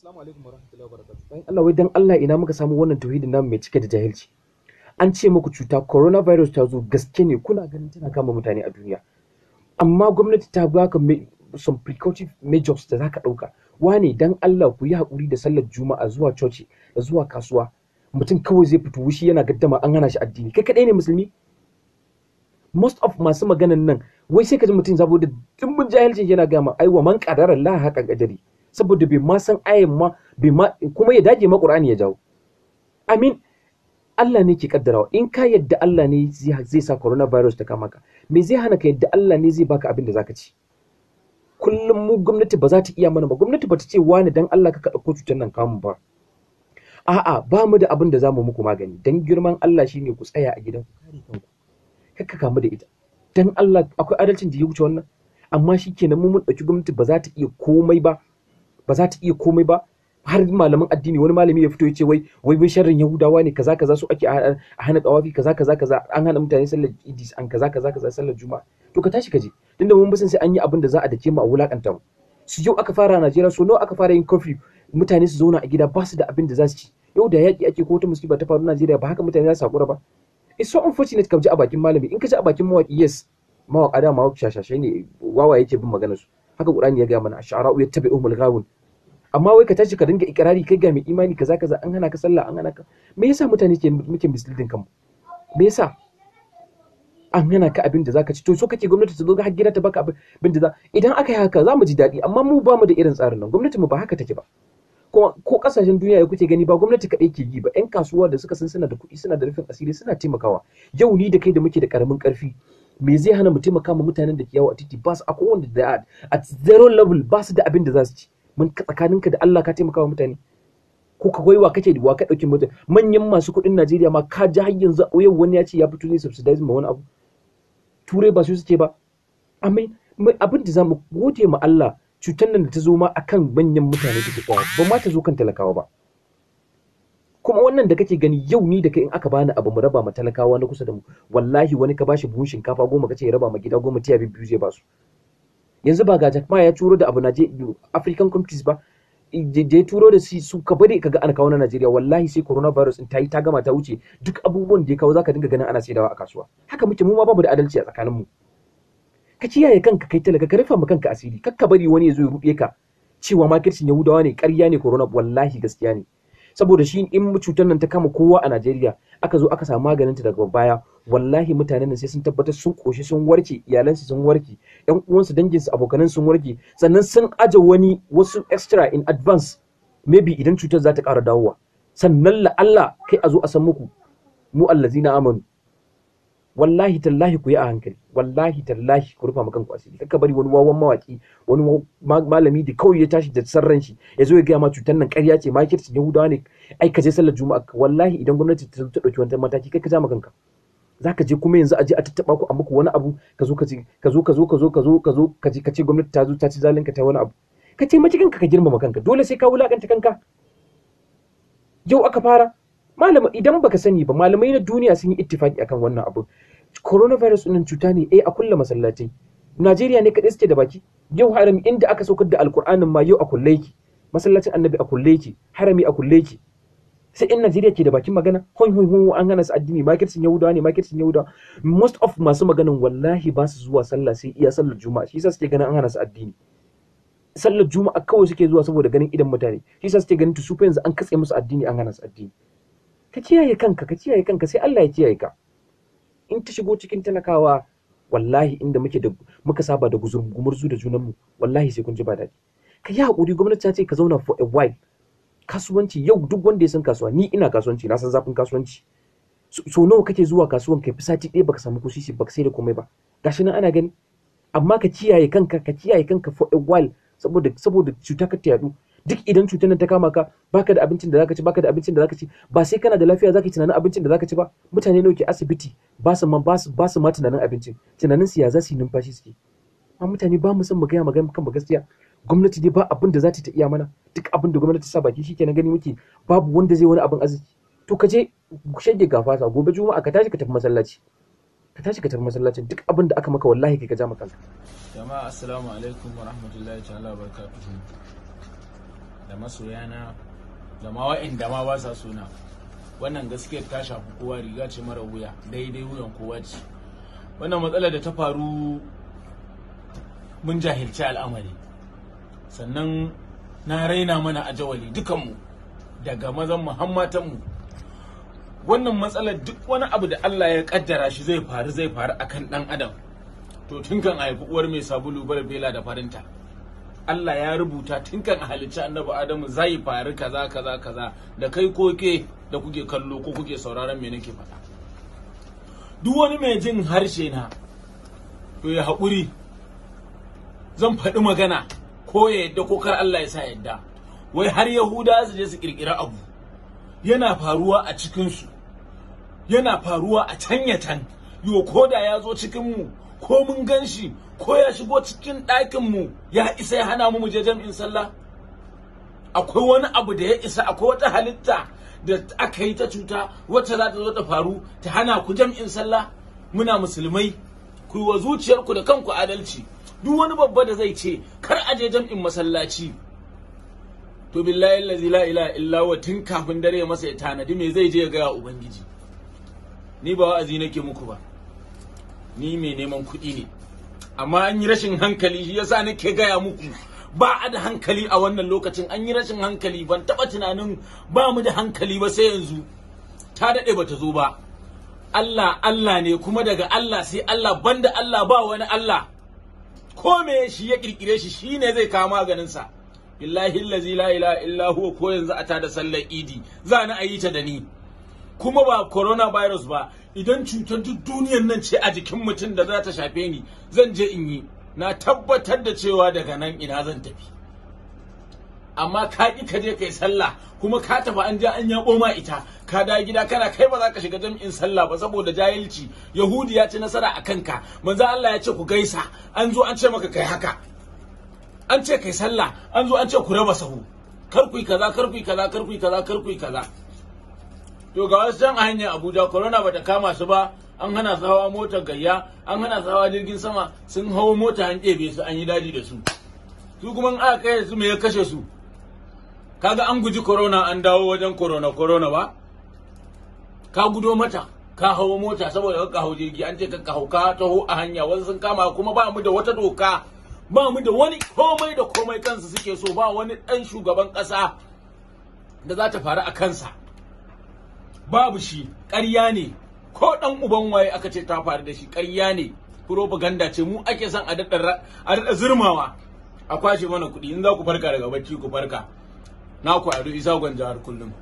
Assalamu alaikum warahmatullahi wabarakatuh. Dan Allah wai dan Allah ina muka samu wannan tauhidin namu mai cike da jahilci. An ce muku cuta coronavirus ta zo gaske ne kuna ganin tana kama mutane a duniya. Amma gwamnati ta baka some precautive measures da zaka dauka. Wane dan Allah ku yi hakuri da sallar Juma'a zuwa coci da zuwa kasuwa. Mutum kawai zai fito wushi yana gaddama an hana shi addini. Kai kadai ne musulmi? Most of masu maganan nan wai sai ka ji mutum da dimbin jahilcin yana gama Aiwa man qadara Allah haqa qadari. saboda bai ma san ayin ma bai ma kuma ya dage ma Qur'ani ya jawo amin Allah ne ke kaddarawa in ka yadda Allah ne zai sa coronavirus ta kama ka me zai hana ka yadda Allah ne zai baka abin da zaka ci kullum mu gwamnati ba za ta iya mana ba gwamnati ba ta ce wani dan Allah ka ɗauko cutar nan kamun ba a'a ba mu da abin da za mu muku magani dan girman Allah shine ku tsaya a gidan ku kare kanku kakka kamu da ita dan Allah akwai adalcin da ya wuce wannan amma shikenan mu mun ɗauki gwamnati ba za ta iya komai ba ba za ta iya komai ba har malaman addini wani malami ya fito ya ce wai wai bin sharrin yahudawa ne kaza kaza su ake a hana tawafi kaza kaza kaza an hana mutane sallar idi an kaza kaza kaza sallar juma'a to ka tashi ka je tunda mun san sai an yi abin da za a dake mu a wulakanta mu su yau aka fara a Najeriya so nawa aka fara yin curfew mutane su zauna a gida ba su da abin da za su ci yau da yaƙi ake ko wata musiba ta faru Najeriya ba haka mutane za su hakura ba it's so unfortunate ka ji a bakin malami in ka ji a bakin mawaki yes mawaƙa da mawaki shashashe ne wawa yake bin maganar su haka qur'ani ya ga mana ya yattabi'uhum al-ghawun amma wai ka tashi ka dinga ikrari kai ga mai imani kaza kaza an hana ka sallah an hana ka me yasa mutane ke muke misleading kanmu me yasa an hana ka abin da zaka ci to so kake gwamnati ta zo ga gida ta baka abin da za idan aka yi haka za mu ji daɗi amma mu ba mu da irin tsarin nan gwamnati mu ba haka take ba kuma ko kasashen duniya ya kuke gani ba gwamnati kaɗai ke yi ba 'yan kasuwa da suka san suna da kuɗi suna da rufin asiri suna taimakawa yau ni da kai da muke da karamin karfi me zai hana mu taimaka ma mutanen da ke yawo a titi ba su akwai wanda da A zero level ba su da abin da za su ci mun tsakaninka da Allah ka taimaka wa mutane ko ka wa kake da wa ka dauki mutane? manyan masu kuɗin Najeriya ma ka ji har yanzu yau wani ya ce ya fito zai subsidizing ma wani abu turai ba su suke ba amma abin da zamu gode ma Allah cutar nan da ta zo ma akan manyan mutane da ke kwawa. ba ma ta zo kan talakawa ba kuma wannan da kake gani yau ni da kai in aka bani abu mu raba ma talakawa na kusa da mu wallahi wani ka bashi buhun shinkafa goma kace ya raba ma gida goma tiya biyu zai basu yanzu ba ga Jack Ma ya turo da abu na African countries ba Je ya turo da su ka bari kaga an kawo na Najeriya wallahi sai coronavirus in tayi ta gama ta wuce duk abubuwan da ya kawo zaka dinga ganin ana saidawa a kasuwa haka muke mu ma babu da adalci a tsakanin mu ka kiyaye kanka kai talaka ka rufa ma kanka asiri kakka bari wani ya zo ya ruɗe ka cewa marketing Yahudawa ne ƙarya ne corona wallahi gaskiya ne saboda shi in cutar nan ta kama kowa a Najeriya aka zo aka samu maganin ta daga baya wallahi mutanen nan sai sun tabbatar sun koshi sun warke iyalansu sun warke yan uwansu danginsu abokanan sun warke sannan sun aje wani wasu extra in advance maybe idan cutar za ta ƙara dawowa sannan la Allah kai a zo a san muku mu allazina amanu wallahi tallahi ku yi a hankali wallahi tallahi ku rufa makan kwasi kaka bari wani wawan mawaki wani malami da kawai ya tashi da sarran shi ya zo ya gaya ma cutar nan ƙarya ce ya yahudawa ne ai ka je sallar juma'a wallahi idan gwamnati ta ta dauki wani mataki kai ka ja Za ka je kuma yanzu a je a tattaba ku a muku wani abu ka zo ka zo ka zo ka zo ka zo ka zo ka ka ce gwamnati ta zo ta ci zalinka ta wani abu ka ce mace kanka ka girmama kanka dole sai ka wulakanta kanka yau aka fara malama idan baka sani ba malamai na duniya sun yi ittifaki akan wannan abu coronavirus ɗin cuta ne eh a kulle masallatai Najeriya ne kaɗai suke da baki yau harami inda aka saukar da alkur'anin ma yau a kulle ki masallacin annabi a kulle ki harami a kulle ki sai in Najeriya ke da bakin magana hon hon hon an hana su addini makircin Yahudawa ne makircin Yahudawa most of masu maganan wallahi ba su zuwa sallah sai iya sallar juma'a shi yasa suke ganin an hana su addini sallar juma'a kawai suke zuwa saboda ganin idan mutane shi yasa suke ganin tusufa yanzu an katse musu addini an hana su addini ka kiyaye kanka ka kiyaye kanka sai Allah ya kiyaye ka in ta shigo cikin talakawa wallahi inda muke da muka saba da gumurzu da junanmu wallahi sai kun ji ba daɗi ka yi haƙuri gwamnati ta ce ka zauna for a while kasuwanci yau duk wanda ya san kasuwa ni ina kasuwanci na san zafin kasuwanci so nawa kake zuwa kasuwan kai fi sati ɗaya baka samu kusisi baka sai da komai ba gashi nan ana gani amma ka kiyaye kanka ka kiyaye kanka for a while saboda saboda cuta ka ta yadu duk idan cutar nan ta kama ka baka da abincin da zaka ci baka da abincin da zaka ci ba sai kana da lafiya zaka tunanin abincin da zaka ci ba mutane nawa ke asibiti ba su man ba su ma tunanin abincin tunanin su ya za su yi numfashi suke amma mutane ba mu san mu gaya magana kan gaskiya gwamnati dai ba abin da za ta iya mana duk abin da gwamnati ta sa baki shikenan gani muke babu wanda zai wani abin arziki to ka je shege gafasa gobe juma'a ka tashi ka tafi masallaci ka tashi ka tafi masallacin duk abin da aka maka wallahi kai ka ja maka jama'a assalamu alaikum wa rahmatullahi ta'ala barakatuhu da masoyana da ma da ma ba sa suna wannan gaskiyar ta shafi kowa riga ce mara wuya daidai wuyan kowa ce wannan matsalar da ta faru mun jahilci al'amari sannan na raina mana a jawali dukanmu daga mazan muhammatanmu wannan matsalar duk wani abu da Allah ya kaddara shi zai faru zai faru akan dan adam to tun kan haifi uwar mai sabulu bar bela da farinta Allah ya rubuta tun kan halicci annabi Adamu zai faru kaza kaza kaza da kai ko ke da kuke kallo ko kuke sauraron me nake faɗa duk wani mai jin harshe na to ya haƙuri zan faɗi magana ko ya yadda ko kar Allah ya sa yadda wai har Yahuda su je su kirkira abu yana faruwa a cikinsu yana faruwa a can ya can yo koda ya zo cikinmu ko mun gan shi ko ya shigo cikin ɗakin mu ya isa ya hana mu mu je jam'in sallah akwai wani abu da ya isa akwai wata halitta da aka yi ta cuta wacce za ta zo ta faru ta hana ku jam'in sallah muna musulmai ku wa zuciyarku da kanku adalci duk wani babba da zai ce kar a je jam'in masallaci to billahi allazi la ilaha illa wa tun kafin dare masa ya tanadi me zai je ya ga ubangiji ni ba wa'azi nake muku ba ni mai neman kuɗi ne amma an yi rashin hankali shi yasa nake gaya muku ba a da hankali a wannan lokacin an yi rashin hankali ban taba tunanin ba mu da hankali ba sai yanzu ta daɗe bata zo ba Allah Allah ne kuma daga Allah sai Allah banda Allah ba wani Allah ko me shi ya kirkire shi shine zai kawo maganin sa billahi allazi la ilaha illa huwa ko yanzu a da sallar idi za ni a yi ta da ni kuma ba coronavirus ba idan cutar duk duniyar nan ce a jikin mutum da za ta shafe ni zan je in yi na tabbatar da cewa daga nan ina zan tafi amma ka ƙi ka je kai sallah kuma ka tafi an je an ya ma ita ka da gida kana kai ba za ka shiga jami'in sallah ba saboda jahilci yahudi ya ci nasara a kanka manzo Allah ya ce ku gaisa an zo an ce maka kai haka an ce kai sallah an zo an ce ku raba sahu kar ku kaza kar ku kaza kar ku kaza kar ku kaza to ga wasu can a hanyar abuja corona bata kama su ba an hana su hawa motar gayya an hana su hawa jirgin sama sun hau mota an ɗebe su an yi daji da su su kuma in aka kai su me ya kashe su kaga an guji corona an dawo wajen corona corona ba ka gudo mata ka hawo mota saboda ka kawo jirgi an ce ka hau ka taho a hanya wasu sun kama kuma ba mu da wata doka ba mu da wani komai da komai kansu suke so ba wani ɗan shugaban kasa da za ta faru a kansa babu shi ƙarya ne ko ɗan uban waye aka ce ta faru da shi ƙarya ne propaganda ce mu ake son a daɗa zurmawa a kwashe mana kuɗi in za ku farka daga bacci ku farka na ku ado isa gwanjawar kullum